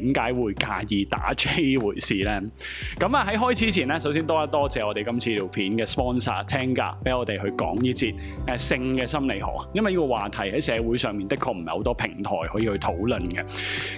點解會介意打 J 回事呢？咁啊喺開始前呢，首先多一多謝我哋今次條片嘅 sponsorTenga 俾我哋去講呢節誒性嘅心理學，因為呢個話題喺社會上面的確唔係好多平台可以去討論嘅。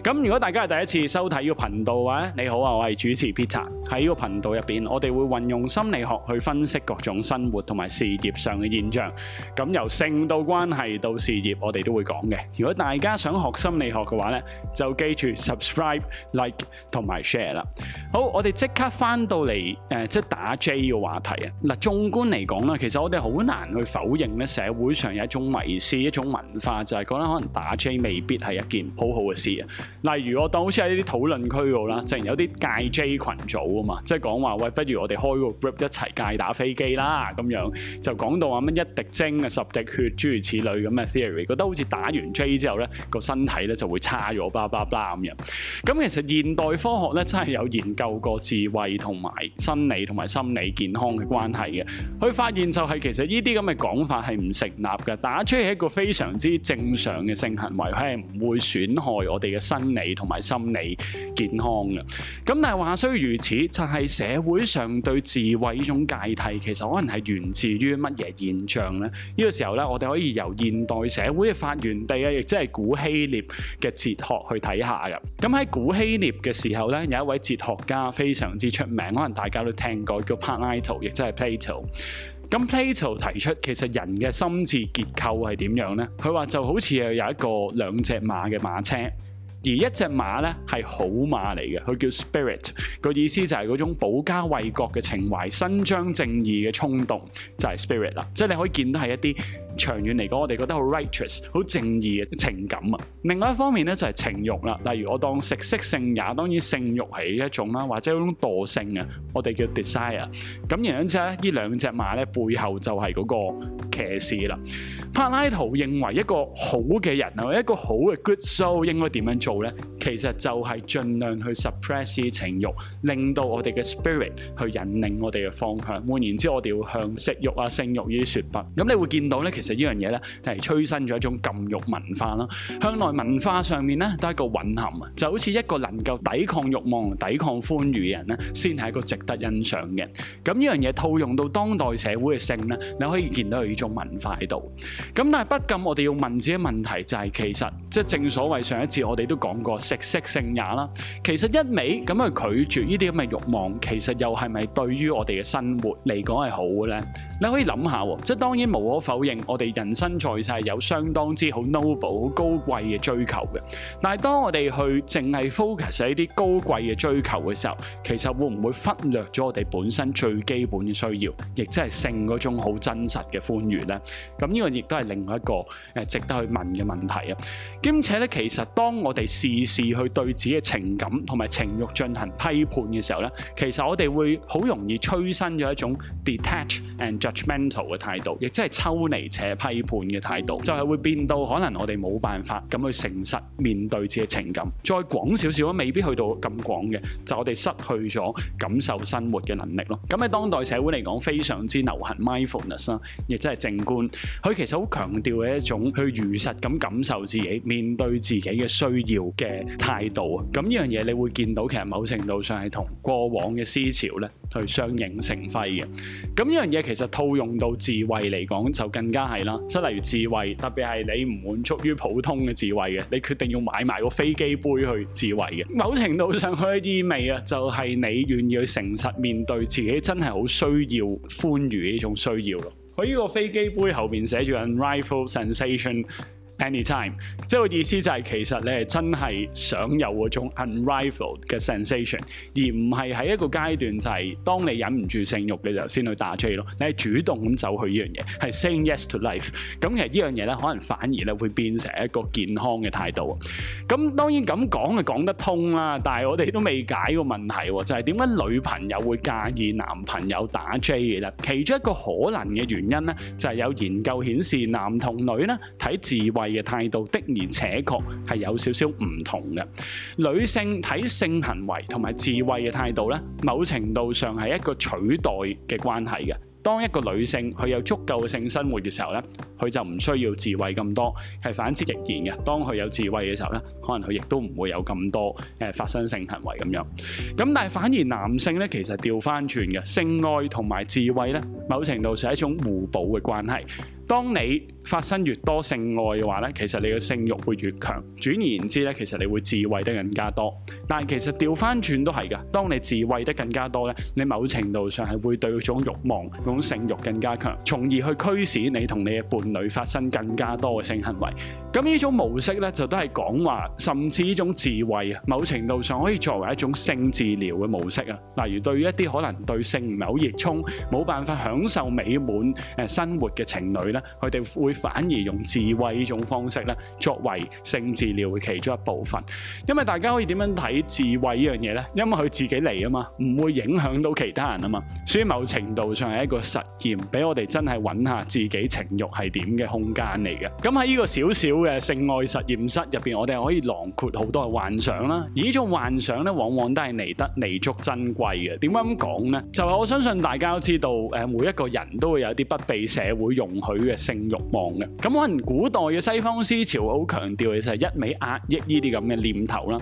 咁如果大家係第一次收睇呢個頻道嘅話呢，你好啊，我係主持 Peter。喺呢個頻道入邊，我哋會運用心理學去分析各種生活同埋事業上嘅現象。咁由性到關係到事業，我哋都會講嘅。如果大家想學心理學嘅話呢，就記住 subscribe。Like 同埋 share 啦，好，我哋即刻翻到嚟誒、呃，即係打 J 嘅話題啊！嗱，縱觀嚟講啦，其實我哋好難去否認咧，社會上有一種迷思，一種文化就係、是、覺得可能打 J 未必係一件好好嘅事啊。例如我當好似喺呢啲討論區度啦，之前有啲戒 J 群組啊嘛，即係講話喂，不如我哋開個 group 一齊戒打飛機啦咁樣，就講到話乜一滴精啊十滴血諸如此類咁嘅 theory，覺得好似打完 J 之後咧個身體咧就會差咗，blah blah blah 咁樣。Blah, blah, blah, 咁其實現代科學咧真係有研究過自慰同埋生理同埋心理健康嘅關係嘅，佢發現就係其實呢啲咁嘅講法係唔成立嘅，打 J 係一個非常之正常嘅性行為，佢係唔會損害我哋嘅生理同埋心理健康嘅。咁但係話雖如此，就係、是、社會上對自慰呢種芥蒂其實可能係源自於乜嘢現象呢？呢、這個時候咧，我哋可以由現代社會嘅發源地啊，亦即係古希臘嘅哲學去睇下嘅。咁喺古希臘嘅時候咧，有一位哲學家非常之出名，可能大家都聽過叫柏拉圖，亦即係 Plato。咁 Plato 提出其實人嘅心智結構係點樣呢？佢話就好似係有一個兩隻馬嘅馬車，而一隻馬咧係好馬嚟嘅，佢叫 spirit，個意思就係嗰種保家衛國嘅情懷、伸張正義嘅衝動，就係 spirit 啦。即係你可以見到係一啲。長遠嚟講，我哋覺得好 righteous、好正義嘅情感啊。另外一方面咧，就係情慾啦。例如我當食色性也，當然性慾係一種啦，或者嗰種惰性啊。我哋叫 desire。咁然之後呢，呢兩隻馬咧背後就係嗰個騎士啦。柏拉圖認為一個好嘅人啊，一個好嘅 good soul 應該點樣做呢？其實就係盡量去 suppress 啲情慾，令到我哋嘅 spirit 去引領我哋嘅方向。換言之，我哋要向食慾啊、性慾呢啲說不。咁你會見到咧，其實呢樣嘢咧係催生咗一種禁慾文化啦。向來文化上面咧都係一個混合，就好似一個能夠抵抗慾望、抵抗歡愉嘅人咧，先係一個值得欣賞嘅。咁呢樣嘢套用到當代社會嘅性咧，你可以見到有呢種文化喺度。咁但係不禁我哋要問自己問題，就是，就係其實即係正所謂上一次我哋都講過。食色性也啦，其實一味咁去拒絕呢啲咁嘅慾望，其實又係咪對於我哋嘅生活嚟講係好嘅咧？你可以諗下，即係當然無可否認我哋人生在世是有相當之好 noble 好高貴嘅追求嘅。但係當我哋去淨係 focus 喺啲高貴嘅追求嘅時候，其實會唔會忽略咗我哋本身最基本嘅需要，亦即係性嗰種好真實嘅歡愉咧？咁、這、呢個亦都係另外一個誒值得去問嘅問題啊。兼且咧，其實當我哋試試。而去對自己嘅情感同埋情慾進行批判嘅時候呢，其實我哋會好容易催生咗一種 detached and judgmental 嘅態度，亦即係抽離且批判嘅態度，就係會變到可能我哋冇辦法咁去誠實面對自己嘅情感。再廣少少咧，未必去到咁廣嘅，就我哋失去咗感受生活嘅能力咯。咁喺當代社會嚟講，非常之流行 mindfulness 啦，亦即係靜觀，佢其實好強調嘅一種去如實咁感受自己、面對自己嘅需要嘅。態度啊，咁呢樣嘢你會見到，其實某程度上係同過往嘅思潮咧，去相映成輝嘅。咁呢樣嘢其實套用到自慰嚟講，就更加係啦。即係例如自慰，特別係你唔滿足於普通嘅自慰嘅，你決定要買埋個飛機杯去自慰嘅。某程度上佢嘅意味啊，就係、是、你願意去誠實面對自己，真係好需要歡愉呢種需要咯。佢、這、呢個飛機杯後面寫住 Rifle Sensation，Anytime，即係個意思就係其實你係真係想有嗰種 unrivaled 嘅 sensation，而唔係喺一個階段就係當你忍唔住性慾你就先去打 J 咯，你係主動咁走去呢樣嘢，係 saying yes to life。咁其實呢樣嘢咧可能反而咧會變成一個健康嘅態度。咁當然咁講就講得通啦，但係我哋都未解個問題，就係點解女朋友會介意男朋友打 J 嘅啦？其中一個可能嘅原因咧就係有研究顯示男同女咧睇自慰。嘅態度的而且確係有少少唔同嘅。女性睇性行為同埋自慰嘅態度呢，某程度上係一個取代嘅關係嘅。當一個女性佢有足夠性生活嘅時候呢，佢就唔需要自慰咁多，係反之亦然嘅。當佢有自慰嘅時候呢，可能佢亦都唔會有咁多誒發生性行為咁樣。咁但係反而男性呢，其實掉返轉嘅，性愛同埋自慰呢，某程度上係一種互補嘅關係。當你發生越多性愛嘅話咧，其實你嘅性慾會越強。轉而言之咧，其實你會自慰得更加多。但係其實調翻轉都係㗎，當你自慰得更加多咧，你某程度上係會對嗰種慾望、嗰種性慾更加強，從而去驅使你同你嘅伴侶發生更加多嘅性行為。咁呢種模式咧，就都係講話，甚至呢種自慰，某程度上可以作為一種性治療嘅模式啊。例如對於一啲可能對性唔係好熱衷、冇辦法享受美滿誒生活嘅情侶咧。佢哋會反而用自慰呢種方式咧，作為性治療嘅其中一部分。因為大家可以點樣睇自慰呢樣嘢呢？因為佢自己嚟啊嘛，唔會影響到其他人啊嘛。所以某程度上係一個實驗，俾我哋真係揾下自己情慾係點嘅空間嚟嘅。咁喺呢個小小嘅性愛實驗室入邊，我哋可以囊括好多嘅幻想啦。而呢種幻想呢，往往都係彌得彌足珍貴嘅。點解咁講咧？就係我相信大家都知道，誒，每一個人都會有啲不被社會容許嘅性欲望嘅，咁可能古代嘅西方思潮好強調嘅就係一味壓抑呢啲咁嘅念頭啦，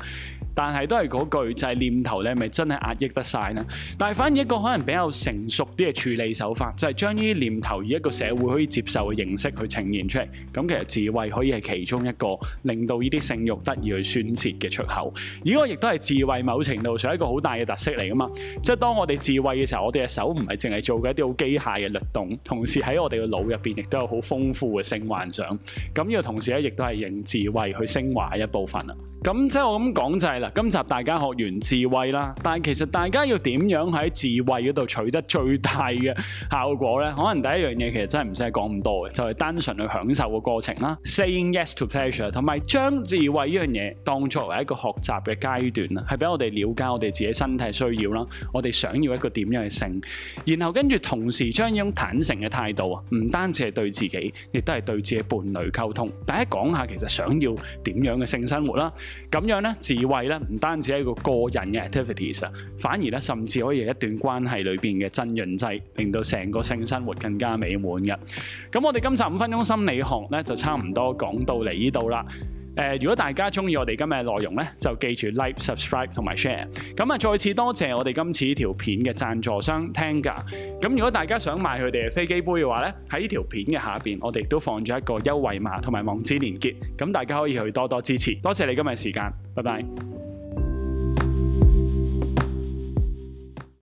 但係都係嗰句就係、是、念頭咧，咪真係壓抑得晒咧？但係反而一個可能比較成熟啲嘅處理手法，就係、是、將呢啲念頭以一個社會可以接受嘅形式去呈現出嚟。咁其實自慰可以係其中一個令到呢啲性慾得以去宣泄嘅出口。而呢個亦都係自慰某程度上一個好大嘅特色嚟噶嘛。即、就、係、是、當我哋自慰嘅時候，我哋嘅手唔係淨係做緊一啲好機械嘅律動，同時喺我哋嘅腦入邊亦都。有好豐富嘅性幻想，咁呢個同時咧，亦都係用自慰去昇華一部分啦。咁即係我咁講就係啦，今集大家學完自慰啦，但係其實大家要點樣喺自慰嗰度取得最大嘅效果咧？可能第一樣嘢其實真係唔使講咁多嘅，就係單純去享受個過程啦。Saying yes to pleasure，同埋將自慰呢樣嘢當作為一個學習嘅階段啦，係俾我哋了解我哋自己身體需要啦，我哋想要一個點樣嘅性，然後跟住同時將一種坦誠嘅態度啊，唔單止係，對自己亦都係對自己伴侶溝通，大家講下其實想要點樣嘅性生活啦，咁樣咧，自慰咧唔單止係一個個人嘅 activities 啊，反而咧甚至可以係一段關係裏邊嘅增潤劑，令到成個性生活更加美滿嘅。咁我哋今集五分鐘心理學咧就差唔多講到嚟呢度啦。呃，如果大家中意我哋今日嘅內容咧，就記住 like、subscribe 同埋 share。咁啊，再次多謝我哋今次條片嘅贊助商 Tenga。咁如果大家想買佢哋嘅飛機杯嘅話咧，喺呢條片嘅下邊，我哋都放咗一個優惠碼同埋網址連結。咁大家可以去多多支持。多謝你今日時間，拜拜。